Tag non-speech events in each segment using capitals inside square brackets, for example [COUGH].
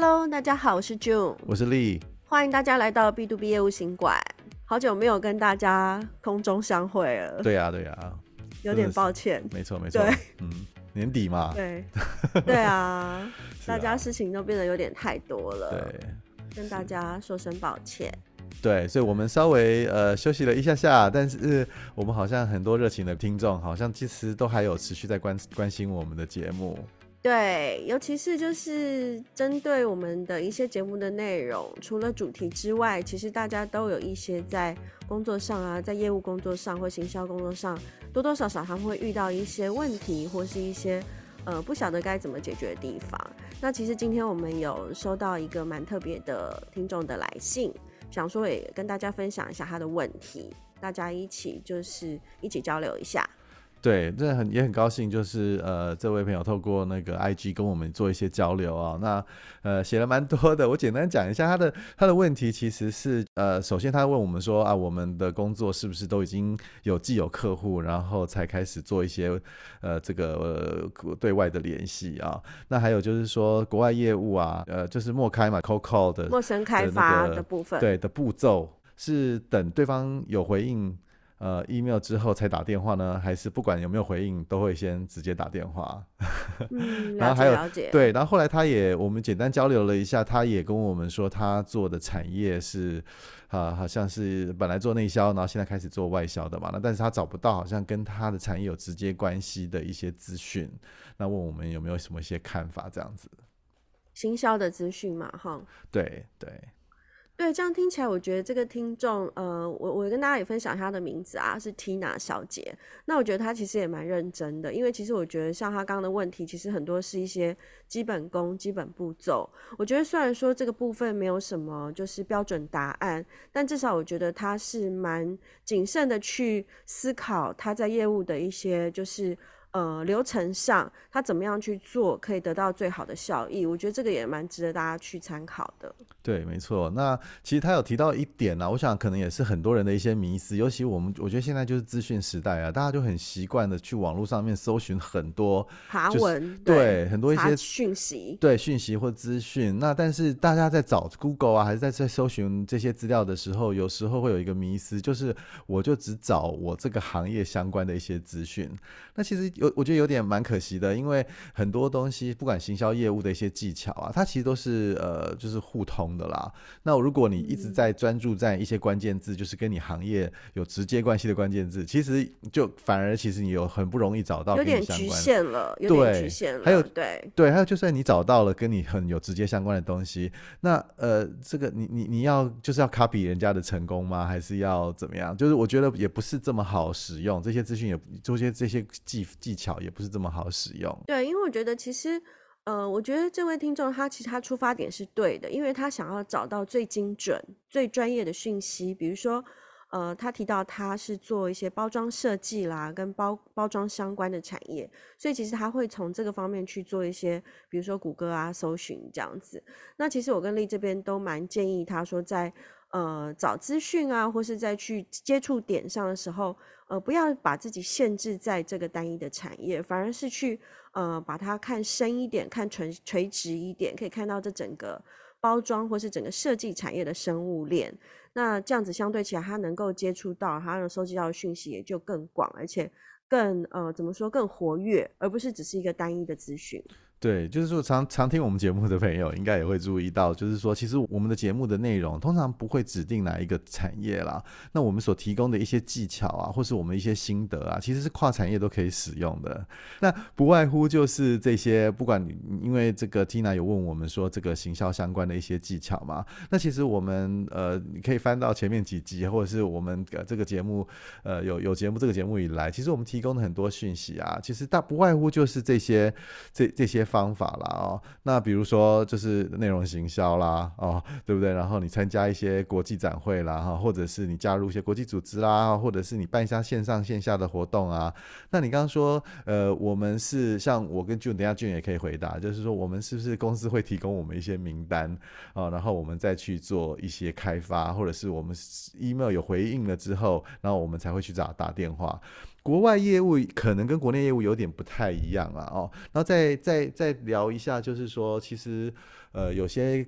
Hello，大家好，我是 June，我是 Lee，歡迎大家來到 B 2 B 業務行館。好久沒有跟大家空中相會了，對呀、啊、對呀、啊，有點抱歉，沒錯沒錯對、嗯，年底嘛，對，對啊， [LAUGHS] 啊大家事情都變得有點太多了，對，跟大家說聲抱歉，對，所以我們稍微呃休息了一下下，但是、呃、我們好像很多熱情的聽眾，好像其實都還有持續在關關心我們的節目。嗯對，尤其是就是針對我們的一些節目的內容，除了主題之外，其實大家都有一些在工作上啊，在業務工作上或行銷工作上，多多少少還會遇到一些問題，或是一些呃不曉得該怎麼解決的地方。那其實今天我們有收到一個蠻特別的聽眾的來信，想說也跟大家分享一下他的問題，大家一起就是一起交流一下。對，真的很也很高興，就是呃，這位朋友透過那個 IG 跟我們做一些交流啊、哦。那呃寫了蠻多的，我簡單講一下他的他的問題，其實是呃，首先他問我們說啊，我們的工作是不是都已經有既有客戶，然後才開始做一些呃這個呃對外的聯繫啊、哦？那還有就是說國外業務啊，呃，就是陌開嘛 Cold Call 的陌生開發的部分，的那個、對的步驟是等對方有回應。呃，email 之後才打電話呢，還是不管有沒有回應都會先直接打電話？ [LAUGHS] 嗯、然後還有了解，對，然後後來他也我們簡單交流了一下，他也跟我們說他做的產業是啊、呃，好像是本來做內銷，然後現在開始做外銷的嘛。那但是他找不到好像跟他的產業有直接關係的一些資訊，那問我們有沒有什麼一些看法這樣子？行銷的資訊嘛，哈，對對。對對，這樣聽起來，我覺得這個聽眾，呃，我我跟大家也分享一下他的名字啊，是 Tina 小姐。那我覺得她其實也蠻認真的，因為其實我覺得像她剛剛的問題，其實很多是一些基本功、基本步驟。我覺得雖然說這個部分沒有什麼就是標準答案，但至少我覺得她是蠻謹慎的去思考她在業務的一些就是。呃、嗯，流程上他怎麼樣去做可以得到最好的效益？我覺得這個也蠻值得大家去參考的。對，沒錯。那其實他有提到一點呢、啊，我想可能也是很多人的一些迷思，尤其我們我覺得現在就是資訊時代啊，大家就很習慣的去網絡上面搜尋很多爬文、就是，對，對很多一些訊息，對，訊息或資訊。那但是大家在找 Google 啊，還是在在搜尋這些資料的時候，有時候會有一個迷思，就是我就只找我這個行業相關的一些資訊。那其實有。我覺得有點蠻可惜的，因為很多東西，不管行銷業務的一些技巧啊，它其實都是呃，就是互通的啦。那如果你一直在專注在一些關鍵字，嗯，就是跟你行業有直接關係的關鍵字，其實就反而其實你有很不容易找到跟你相關的，有點局限了，有點局限了。對，還有對對，還有就算你找到了跟你很有直接相關的東西，那呃，這個你你你要就是要 copy 人家的成功嗎？還是要怎麼樣？就是我覺得也不是這麼好使用這些資訊，也做些這些技。技巧也不是這麼好使用。對，因為我覺得其實，呃，我覺得這位聽眾他其實他出發點是對的，因為他想要找到最精準、最專業的訊息。比如說，呃，他提到他是做一些包裝設計啦，跟包包裝相關的產業，所以其實他會從這個方面去做一些，比如說谷歌啊、搜尋這樣子。那其實我跟麗這邊都蠻建議他說在。呃，找資訊啊，或是再去接觸點上的時候，呃，不要把自己限制在這個單一的產業，反而是去呃把它看深一點，看垂垂直一點，可以看到這整個包裝或是整個設計產業的生物鏈。那這樣子相對起來，它能夠接觸到，它能收集到的訊息也就更廣，而且更呃怎麼說更活躍，而不是只是一個單一的資訊。對，就是說常、常常聽我們節目的朋友應該也會注意到，就是說，其實我們的節目的內容通常不會指定哪一個產業啦。那我們所提供的一些技巧啊，或是我們一些心得啊，其實是跨產業都可以使用的。那不外乎就是這些，不管你因為這個 Tina 有問我們說這個行銷相關的一些技巧嘛，那其實我們呃，你可以翻到前面幾集，或者是我們、呃、這個節目呃有有節目這個節目以來，其實我們提供的很多訊息啊，其實大不外乎就是這些，這這些。方法啦，哦，那比如說就是內容行銷啦，哦，對不對？然後你參加一些國際展會啦，哈，或者是你加入一些國際組織啦，或者是你辦一下線上線下的活動啊。那你剛剛說，呃，我們是像我跟俊，等下俊也可以回答，就是說我們是不是公司會提供我們一些名單啊，哦，然後我們再去做一些開發，或者是我們 email 有回應了之後，然後我們才會去找打，打電話。國外業務可能跟國內業務有點不太一樣啊，哦，然後再再再聊一下，就是說，其實呃，有些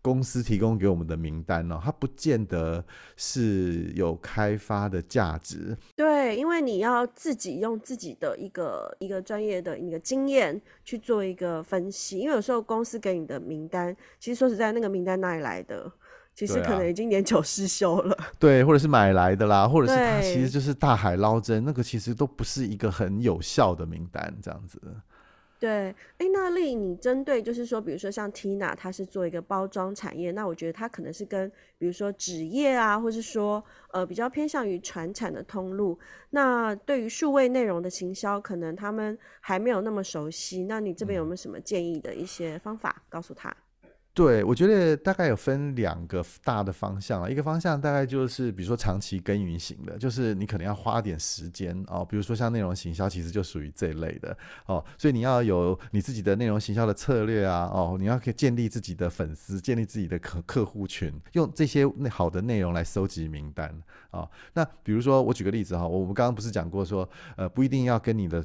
公司提供給我們的名單呢，哦，它不見得是有開發的價值。對，因為你要自己用自己的一個一個專業的一個經驗去做一個分析，因為有時候公司給你的名單，其實說實在，那個名單哪裡來的？其實可能已經年久失修了，對、啊，對，或者是買來的啦，或者是他其實就是大海撈針，對那個其實都不是一個很有效的名單這樣子。對，哎，那麗，你針對就是說，比如說像 Tina，他是做一個包裝產業，那我覺得他可能是跟比如說紙業啊，或是說呃比較偏向於傳產的通路，那對於數位內容的行銷，可能他們還沒有那麼熟悉，那你這邊有沒有什麼建議的一些方法、嗯、告訴他？對，我覺得大概有分兩個大的方向啊，一個方向大概就是比如說長期耕耘型的，就是你可能要花點時間哦，比如說像內容行銷其實就屬於這一類的哦，所以你要有你自己的內容行銷的策略啊哦，你要可以建立自己的粉絲，建立自己的客客戶群，用這些好的內容來收集名單哦，那比如說我舉個例子哈，哦，我我們剛剛不是講過說，呃，不一定要跟你的。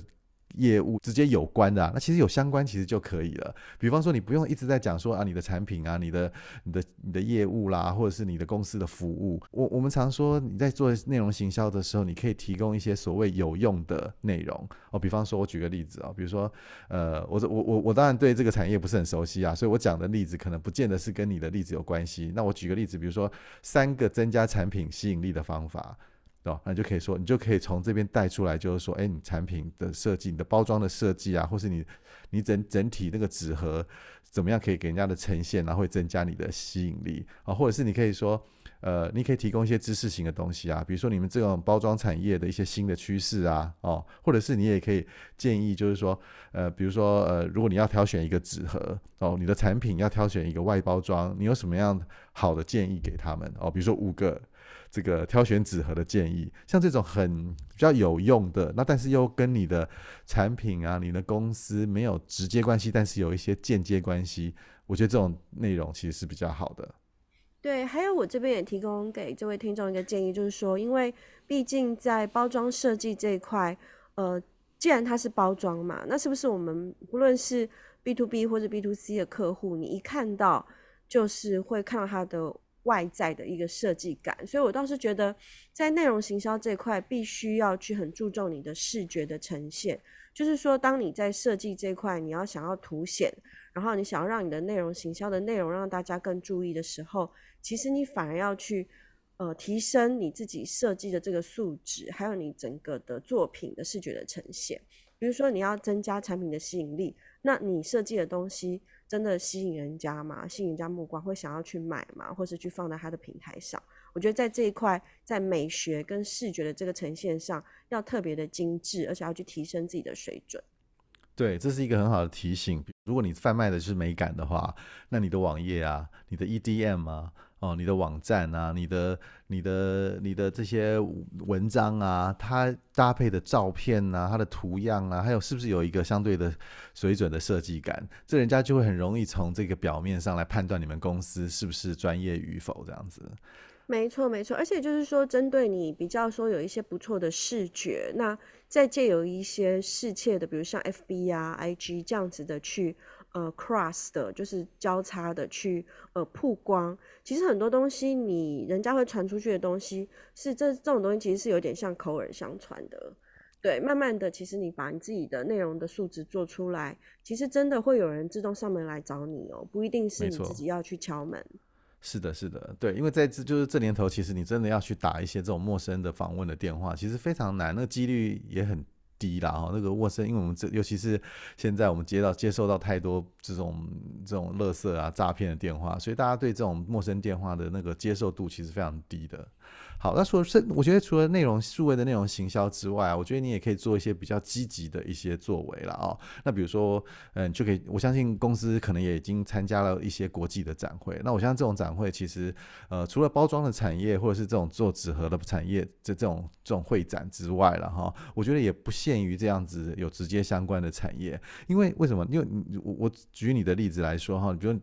業務直接有關的啊，那其實有相關其實就可以了。比方說，你不用一直在講說啊，你的產品啊，你的、你的、你的業務啦，或者是你的公司的服務。我我們常說，你在做內容行銷的時候，你可以提供一些所謂有用的內容。哦，比方說，我舉個例子啊，哦，比如說，呃，我我我我當然對這個產業不是很熟悉啊，所以我講的例子可能不見得是跟你的例子有關係。那我舉個例子，比如說三個增加產品吸引力的方法。那就可以說，你就可以從這邊帶出來，就是說，哎，你產品的設計，你的包裝的設計啊，或是你你整整體那個紙盒怎麼樣可以給人家的呈現，然後會增加你的吸引力啊，或者是你可以說。呃，你可以提供一些知識型的東西啊，比如說你們這種包裝產業的一些新的趨勢啊，哦，或者是你也可以建議，就是說，呃，比如說呃，如果你要挑選一個紙盒哦，你的產品要挑選一個外包裝，你有什麼樣好的建議給他們哦？比如說五個這個挑選紙盒的建議，像這種很比較有用的，那但是又跟你的產品啊、你的公司沒有直接關係，但是有一些間接關係，我覺得這種內容其實是比較好的。對，還有我這邊也提供給這位聽眾一個建議，就是說，因為畢竟在包裝設計這一塊，呃，既然它是包裝嘛，那是不是我們不論是 B to B 或者 B to C 的客戶，你一看到就是會看到它的外在的一個設計感，所以我倒是覺得在內容行銷這一塊，必須要去很注重你的視覺的呈現，就是說，當你在設計這一塊，你要想要凸顯。然後你想要讓你的內容、行銷的內容讓大家更注意的時候，其實你反而要去，呃，提升你自己設計的這個素質，還有你整個的作品的視覺的呈現。比如說你要增加產品的吸引力，那你設計的東西真的吸引人家嗎？吸引人家目光會想要去買嗎？或是去放在他的平台上。我覺得在這一塊，在美學跟視覺的這個呈現上，要特別的精緻，而且要去提升自己的水準。對，這是一個很好的提醒。如果你販賣的是美感的話，那你的網頁啊、你的 EDM 啊、哦、你的網站啊、你的、你的、你的這些文章啊，它搭配的照片啊、它的圖樣啊，還有是不是有一個相對的水準的設計感？這人家就會很容易從這個表面上來判斷你們公司是不是專業與否這樣子。沒錯，沒錯，而且就是說，針對你比較說有一些不錯的視覺，那再借由一些視切的，比如像 F B 啊、I G 這樣子的去呃 cross 的，就是交叉的去呃曝光。其實很多東西，你人家會傳出去的東西，是這這種東西其實是有點像口耳相傳的，對。慢慢的，其實你把你自己的內容的素質做出來，其實真的會有人自動上門來找你哦，不一定是你自己要去敲門。是的，是的，對，因為在這就是這年頭，其實你真的要去打一些這種陌生的訪問的電話，其實非常難，那個幾率也很低啦。哦，那個陌生，因為我們這尤其是現在，我們接到接受到太多這種這種垃圾啊、詐騙的電話，所以大家對這種陌生電話的那個接受度其實非常低的。好，那除了是，我覺得除了內容數位的內容行銷之外，啊，我覺得你也可以做一些比較積極的一些作為了啊，哦。那比如說，嗯，就可以，我相信公司可能也已經參加了一些國際的展會。那我相信這種展會其實，呃，除了包裝的產業或者是這種做紙盒的產業這這種這種會展之外了哈，哦，我覺得也不限於這樣子有直接相關的產業。因為為什麼？因為，我，我舉你的例子來說哈，比如你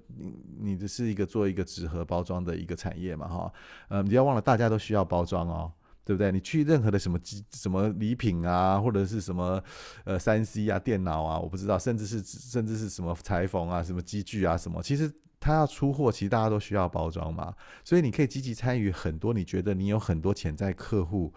你這是一個做一個紙盒包裝的一個產業嘛哈，哦，嗯，呃，你不要忘了大家都。都需要包裝哦，對不對？你去任何的什麼機、什麼禮品啊，或者是什麼呃三 C 啊、電腦啊，我不知道，甚至是甚至是什麼裁縫啊、什麼機具啊什麼，其實他要出貨，其實大家都需要包裝嘛。所以你可以積極參與很多，你覺得你有很多潛在客戶，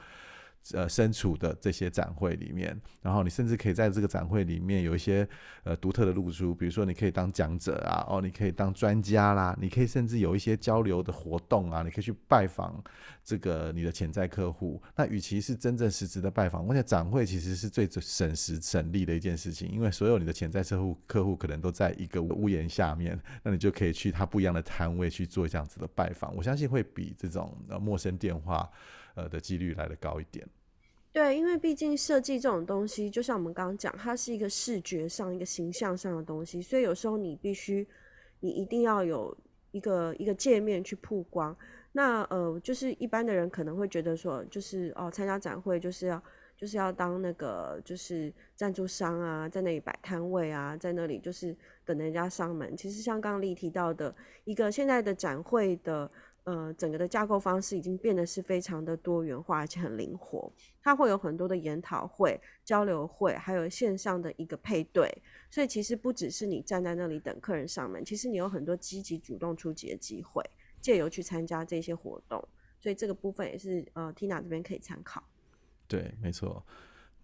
呃，身處的這些展會裡面，然後你甚至可以在這個展會裡面有一些呃獨特的露出，比如說你可以當講者啊，哦，你可以當專家啦，你可以甚至有一些交流的活動啊，你可以去拜訪這個你的潛在客戶。那與其是真正實質的拜訪，我想展會其實是最省時省力的一件事情，因為所有你的潛在客戶客戶可能都在一個屋檐下面，那你就可以去他不一樣的攤位去做這樣子的拜訪。我相信會比這種，呃，陌生電話。呃的幾率來的高一點，對，因為畢竟設計這種東西，就像我們剛剛講，它是一個視覺上、一個形象上的東西，所以有時候你必須，你一定要有一個一個界面去曝光。那呃，就是一般的人可能會覺得說，就是哦，參加展會就是要就是要當那個就是贊助商啊，在那裡擺攤位啊，在那裡就是等人家上門。其實像剛剛李提到的一個現在的展會的。呃，整個的架構方式已經變得是非常的多元化，而且很靈活。它會有很多的研討會、交流會，還有線上的一個配對。所以其實不只是你站在那裡等客人上門，其實你有很多積極主動出擊的機會，借由去參加這些活動。所以這個部分也是呃，Tina 這邊可以參考。對，沒錯。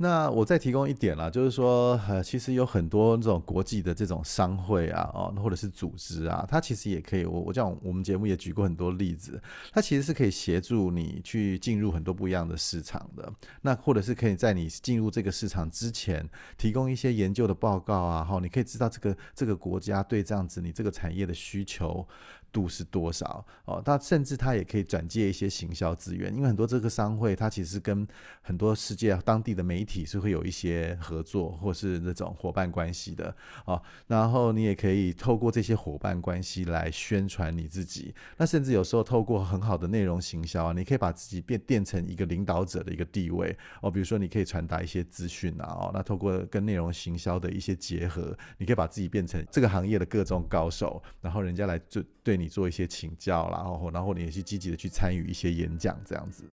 那我再提供一點啦，啊，就是說，呃，其實有很多這種國際的這種商會啊，哦，或者是組織啊，它其實也可以。我我講我們節目也舉過很多例子，它其實是可以協助你去進入很多不一樣的市場的。那或者是可以在你進入這個市場之前，提供一些研究的報告啊，好，你可以知道這個這個國家對這樣子你這個產業的需求。度是多少哦？他甚至他也可以轉借一些行銷資源，因為很多這個商會，他其實跟很多世界當地的媒體是會有一些合作或是那種伙伴關係的哦。然後你也可以透過這些伙伴關係來宣傳你自己。那甚至有時候透過很好的內容行銷啊，你可以把自己變變成一個領導者的一個地位哦。比如說你可以傳達一些資訊啊哦，那透過跟內容行銷的一些結合，你可以把自己變成這個行業的各種高手，然後人家來就對你。你做一些請教啦，然後然後你也是積極的去參與一些演講這樣子。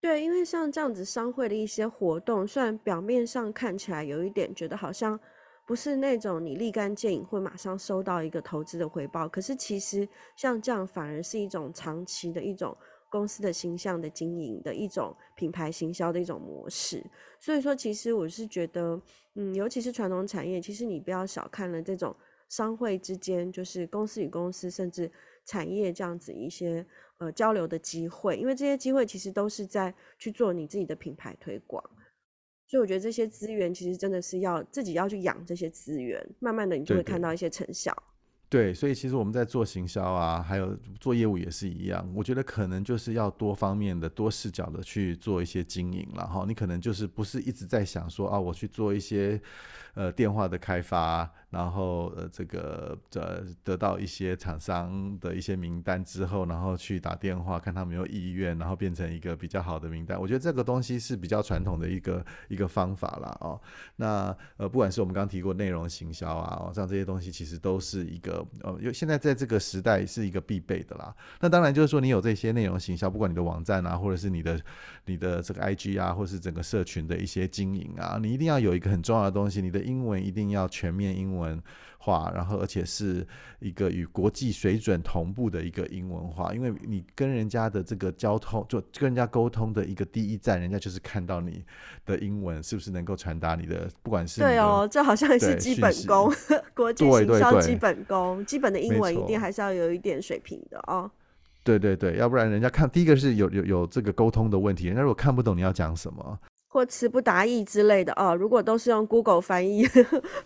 對，因為像這樣子商會的一些活動，雖然表面上看起來有一點覺得好像不是那種你立竿見影會馬上收到一個投資的回報，可是其實像這樣反而是一種長期的一種公司的形象的經營的一種品牌行銷的一種模式。所以說，其實我是覺得，嗯，尤其是傳統產業，其實你不要小看了這種。商會之間，就是公司與公司，甚至產業這樣子一些呃交流的機會，因為這些機會其實都是在去做你自己的品牌推廣，所以我覺得這些資源其實真的是要自己要去養這些資源，慢慢的你就會看到一些成效，對對。對，所以其實我們在做行銷啊，還有做業務也是一樣，我覺得可能就是要多方面的、多視角的去做一些經營，然後你可能就是不是一直在想說啊，我去做一些呃電話的開發啊。然後呃這個這得到一些廠商的一些名單之後，然後去打電話看他們有意願，然後變成一個比較好的名單。我覺得這個東西是比較傳統的一個一個方法啦。哦。那呃不管是我們剛剛提過內容行銷啊，哦，像這些東西其實都是一個哦，呃，因為現在在這個時代是一個必備的啦。那當然就是說你有這些內容行銷，不管你的網站啊，或者是你的你的這個 IG 啊，或者是整個社群的一些經營啊，你一定要有一個很重要的東西，你的英文一定要全面英文文化，然後而且是一個與國際水準同步的一個英文化。因為你跟人家的這個交通，就跟人家溝通的一個第一站，人家就是看到你的英文是不是能夠傳達你的，不管是對哦，這好像是基本功，對息國際行銷基本功，對對對，基本的英文一定還是要有一點水平的哦。對對對，要不然人家看第一個是有有有這個溝通的問題，人家如果看不懂你要講什麼。或詞不達意之類的哦，如果都是用 Google 翻譯，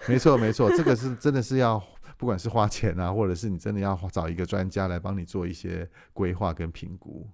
沒錯沒錯，這個是真的是要， [LAUGHS] 不管是花錢啊，或者是你真的要找一個專家來幫你做一些規劃跟評估。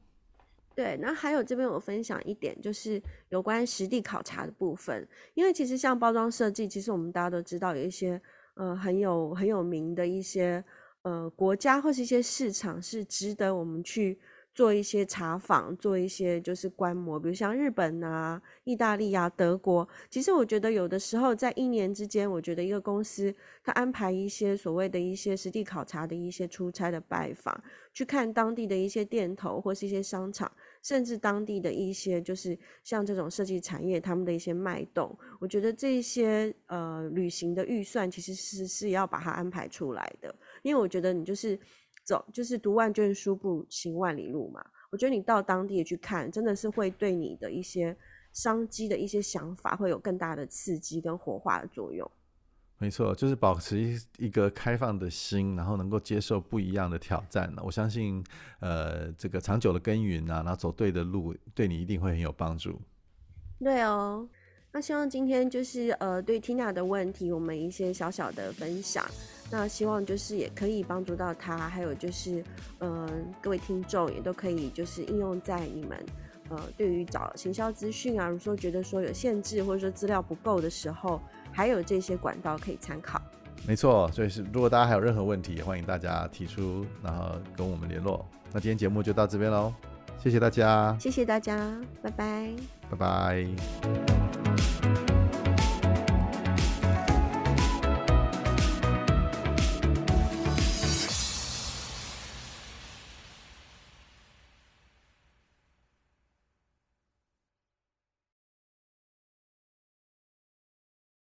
對，那還有這邊我分享一點，就是有關實地考察的部分，因為其實像包裝設計，其實我們大家都知道有一些呃很有很有名的一些呃國家或是一些市場是值得我們去。做一些查訪，做一些就是觀摩，比如像日本啊、意大利啊、德國。其實我覺得有的時候在一年之間，我覺得一個公司他安排一些所謂的一些實地考察的一些出差的拜訪，去看當地的一些店頭或是一些商場，甚至當地的一些就是像這種設計產業他們的一些脈動。我覺得這些呃旅行的預算其實是是要把它安排出來的，因為我覺得你就是。走就是讀萬卷書，不行萬里路嘛。我覺得你到當地去看，真的是會對你的一些商機的一些想法，會有更大的刺激跟活化的作用。沒錯，就是保持一一個開放的心，然後能夠接受不一樣的挑戰。我相信，呃，這個長久的耕耘啊，然後走對的路，對你一定會很有幫助。對哦。那希望今天就是呃，對 Tina 的問題，我們一些小小的分享。那希望就是也可以幫助到她，還有就是，嗯、呃，各位聽眾也都可以就是應用在你們，呃，對於找行銷資訊啊，如說覺得說有限制，或者說資料不夠的時候，還有這些管道可以參考。沒錯，所以是如果大家還有任何問題，也歡迎大家提出，然後跟我們聯絡。那今天節目就到這邊嘍，謝謝大家，謝謝大家，拜拜，拜拜。